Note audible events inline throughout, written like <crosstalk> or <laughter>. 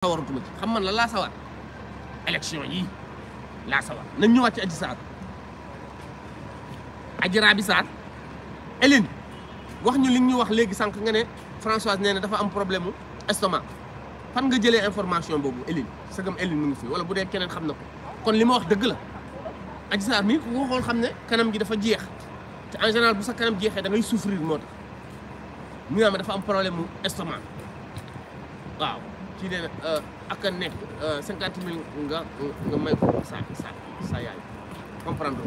sawarutuma ci xam man la laa sawar élection yi laa sawar nañ ñëwaat ci aji saar aji rabi saar Hélène wax ñu li ñu wax léegi sànq nga ne Françoise nee na dafa am problème mu estomac fan nga jëlee information boobu Hélène sagam Hélène mu ngi fi wala bu dee keneen xam na ko kon li ma wax dëgg la aji saar mii ku ko xool xam ne kanam gi dafa jeex te en général bu sa kanam jeexee da ngay souffrir moo tax mu ma dafa am problème mu estomac waaw kii nee euh, na ak a nekk euh, cinquante mille nga may ko sa sa yaay comprendre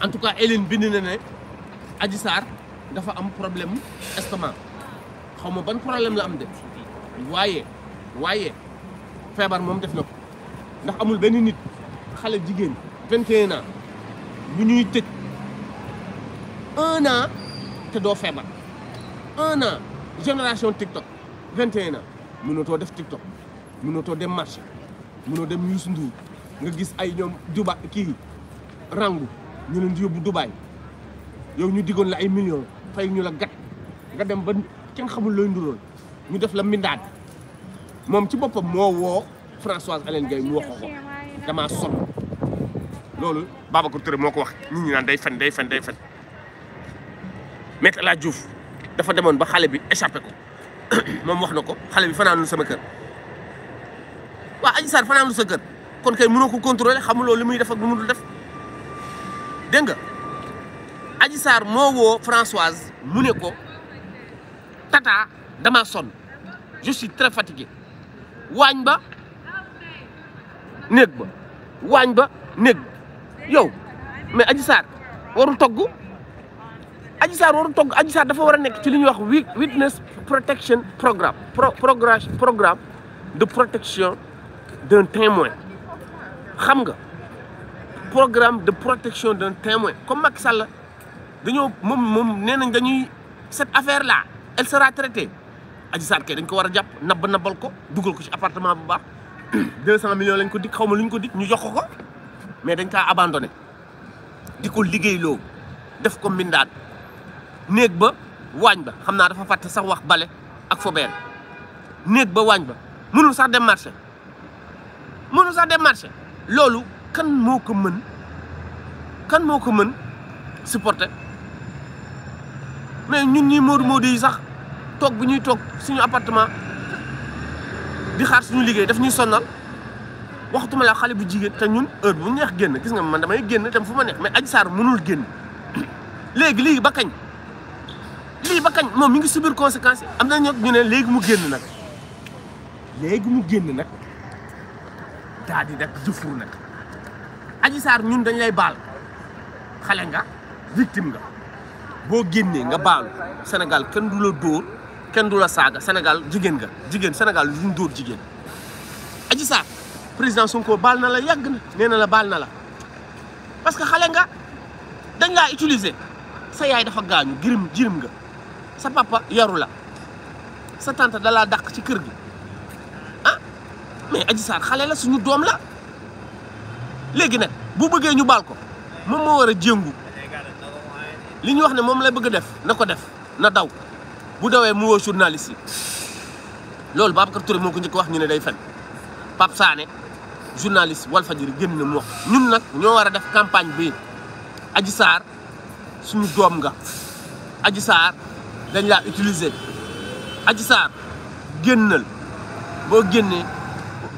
en tout cas Hélène bind na ne aji Sarr dafa am problème estomac xaw ma ban problème la am de waaye waaye feebar moom def na ko ndax amul benn nit xale jigéen vingt et un ans bu ñuy tëj un an te doo feebar un an génération TikTok 21 ans mënoto def TikTok mënoto dem marché mënoto dem Youssou Ndour nga gis ay ñom Duba ki rangu ñu leen di yóbbu Dubaay yow ñu digon la ay million fay ñu la gat nga dem ba kenn xamul loy ndurol ñu def la mbindaan mom ci bopam mo wo Françoise Hélène gay mu wax ko son lolu loolu Babacar Touré moo wax nit ñi naan day fen day fen day fen Maître la Diouf dafa demone ba xalé bi échapper ko mom wax na xale bi fanaanul sama kër wa aji sar fanaanul sa kër kon kay mënoko contrôler xamuloo lo limuy def ak lu mu def dégg nga aji sar mo wo Françoise mu ko tata dama son je suis très fatigué wañ ba néeg ba wañ ba néeg yow mais aji sar warul toggu aji Sarr waru togg aji Sarr dafa wara nek ci li wax witness protection program progress program de protection d'un témoin xam nga programme de protection d'un témoin comme Macky Sall dañu mom mom nenañ dañuy cette affaire là elle sera traitée aji Sarr ke dañ ko wara japp nab nabba nabbal ko duggal ko ci appartement bu baax 200 <clears throat> millions lañ ko dik xawma luñ ko dik ñu jox ko mais dañ ka abandonner diko liggey lo def ko mindat néeg ba waañ ba xam naa dafa fàtte sax wax bale ak fobeere néeg ba waañ ba mënul sax dem marché mënul sax dem marché loolu kan moo ko mën kan moo ko mën supporter mais ñun ñi moodu moodu sax toog bi ñuy toog suñu apartement di xaar suñu liggéey daf ñuy sonnal waxtuma la xale bu jigéen te ñun heure bu ñeex génn gis nga man damay génn dem fu ma neex mais aj Sarr mënul génn <coughs> léegi léegi ba kañ lii ba kañ moom mi ngi subir conséquence am na ñoo ñu ne léegi mu génn nag léegi mu génn nag daal di nag jëfur nag Adji Sarr ñun dañ lay baal xale nga victime nga boo génnee nga baalu senegal kenn du la dóor kenn du la saaga senegal jigéen nga jigéen Sénégal duñ dóor jigéen Adji Sarr président Sonko baal na la yàgg na nee na la baal na la parce que xale nga dañ laa utiliser sa yaay dafa gaañu girim jirim nga sa papa yaru la sa tante dalaa dàq ci kër gi ah mais Adji Sarr xale la suñu doom la léegi nag bu bëggee ñu baal ko moom moo war a jëngu li ñu wax ne moom la bëgg def na ko def na daw bu dawee mu woo journaliste yi loolu Babacar ture moo ko ko wax ñu ne day fen saane Sané journaliste Walfadjri génn na mu wax ñun nag ñoo war a def campagne bi Adji Sarr suñu doom nga Adji saar dañ la utiliser aji sar gennal bo genné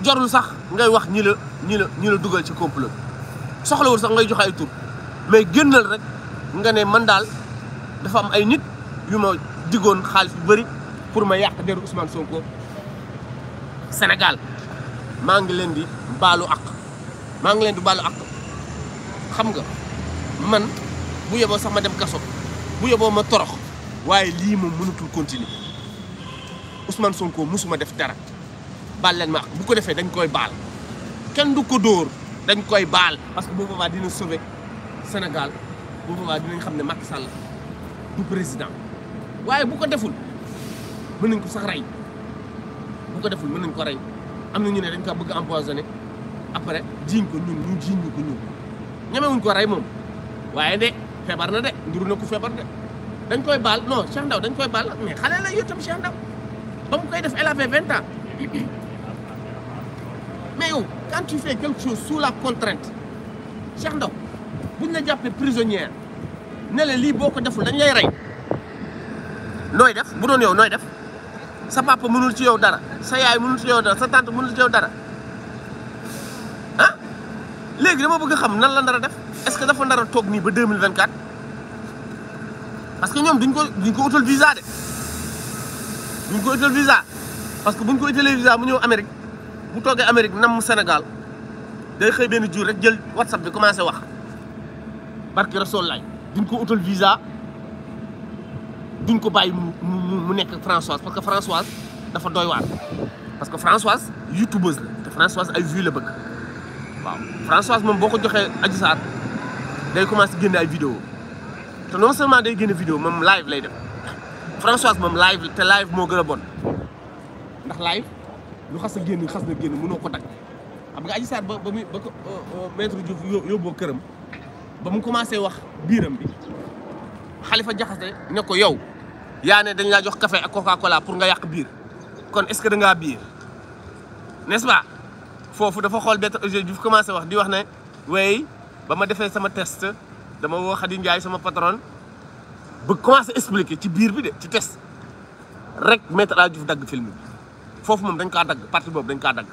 jorul sax ngay wax ñi la ñi la ñi la dugal ci complot wu sax ngay joxe ay mais gennal rek nga né man dal dafa am ay nit yu ma digone xaalis bu bari pour ma yaq deru Ousmane Sonko Sénégal ma ngi len di balu ak ma ngi len di balu ak xam nga man bu yebo sax ma dem kaso bu yebo ma torox waaye lii moom mënatul continuer Ousmane Sonko musuma def dara baal leen ma bu ko defee dañ koy baal kenn du ko dóor dañ koy baal parce que bu boobaa dina sauver Sénégal bu boobaa dinañ xam ne Macky Sall du président waaye bu ko deful mën nañ ko sax rey bu ko deful mën nañ ko rey am na ñu ne dañ ko bëgg empoisonné après jiiñ ko ñun ñu jiiñ ñu ko ñun ñemewuñ ko rey moom waaye de feebar na de nduru na ku feebar de dañ koy baal non Cheikh Ndaw dañ koy baal mais xale la yow tam Cheikh Ndaw ba mu koy def elle avait vingt ans <coughs> mais yow quand tu fais quelque chose la contrainte Cheikh Ndaw buñ la jàppee prisonnière ne la lii boo ko deful dañ lay rey nooy def bu doon yow nooy def sa papa mënul ci yow dara sa yaay mënul ci yow dara sa tànt mënul ci yow dara ah léegi dama bëgg xam nan la nar def est-ce que dafa nar toog nii ba deux mille vingt-quatre parce que ñoom duñ ko duñ ko utal visa de duñ ko utal visa parce que buñ ko utalee visa mu ñëw Amérique bu toogee Amérique nam mu Sénégal day xëy benn jur rek jël WhatsApp bi commencé wax barki Rasool laay duñ ko utal visa duñ ko bàyyi mu mu mu nekk Françoise parce que Françoise dafa doy waar parce que Françoise youtubeuse la te Françoise ay vues la bëgg waaw Françoise moom boo ko joxee Adji Sarr day commencé génne ay vidéo te non seulement day génne vidéo moom live lay def Françoise moom live te live moo gën a bon ndax live lu xas a génn xas na génn noo ko dagg xam nga Adji Sarr ba ba muy ba ko euh, euh, maître yóbboo këram ba mu commencé wax biiram bi Khalifa Diakhaté ne ko yow yaa ne dañ laa jox kafe ak coca pour nga yàq biir kon est ce que da ngaa biir nest pas foofu dafa xool Maître Diouf commencé wax di wax ne wey ba ma defee sama test dama woo Khady Ndiaye sama patron bëgg commencé expliquer ci biir bi de ci test rek Maître El Hadji dagg film foofu moom dañ kaa dagg partie boobu dañ kaa dagg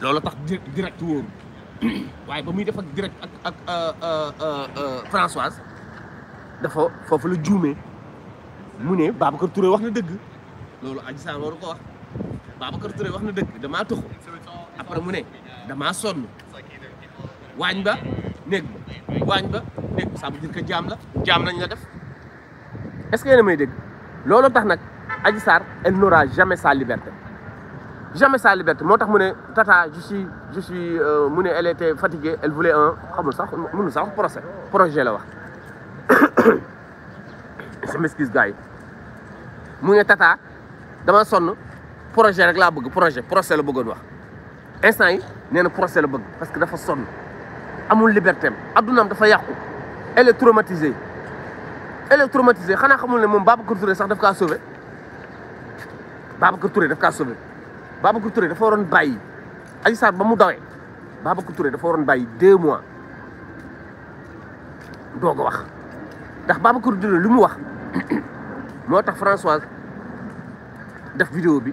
loolu tax direct wóoru <clears throat> waaye ba muy def ak direct ak ak euh, euh, euh, Françoise dafa foofu la juume mu ne Babacar Touré wax na dëgg loolu Adji Sarr waru ko wax Babacar Touré wax na dëgg damaa tuxu après mu ne damaa sonn waañ ba néeg waañ ba dégg ça veut dire que la jaam lañ la def est-ce que yéen a may dégg loolu tax nag Adji Sarr elle n'aura jamais sa liberté jamais sa liberté moo mu ne tata je suis je suis euh, mu ne elle était fatiguée elle voulait un xamul sax mënu sax procès projet la wax <coughs> je m'excuse gars yi mu ne tata dama sonn projet rek laa bëgg projet procès la bëggoon wax instant yi nee na procès la bëgg parce que dafa sonn elle liberté am dafa elle est traumatisée elle est traumatisée ne est Babacar Touré sax daf ka est Babacar Touré daf traumatisée. sauver Babacar Touré dafa est traumatisée. Elle sar ba mu Babacar Touré dafa traumatisée. Elle deux mois Elle wax ndax Babacar Touré wax <clears throat> Françoise def vidéo bi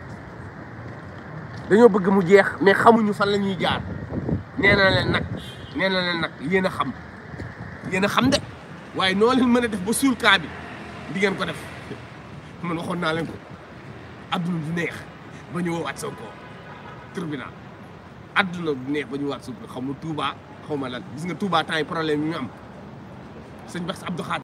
dañoo bëgg mu jeex mais xamuñu fan la ñuy jaar nee na leen nag nee na leen nag yéen a xam yéen a xam de waaye noo leen mën a def ba suul kaa bi di ngeen ko def <laughs> man waxoon naa leen ko adduna du neex ba ñu woowaat Sonko tribunal adduna du neex ba ñu woowaat Sonko xaw ma Touba xaw ma lan gis nga Touba temps yi problème yi ñu am sëñ Bass Abdou Khadre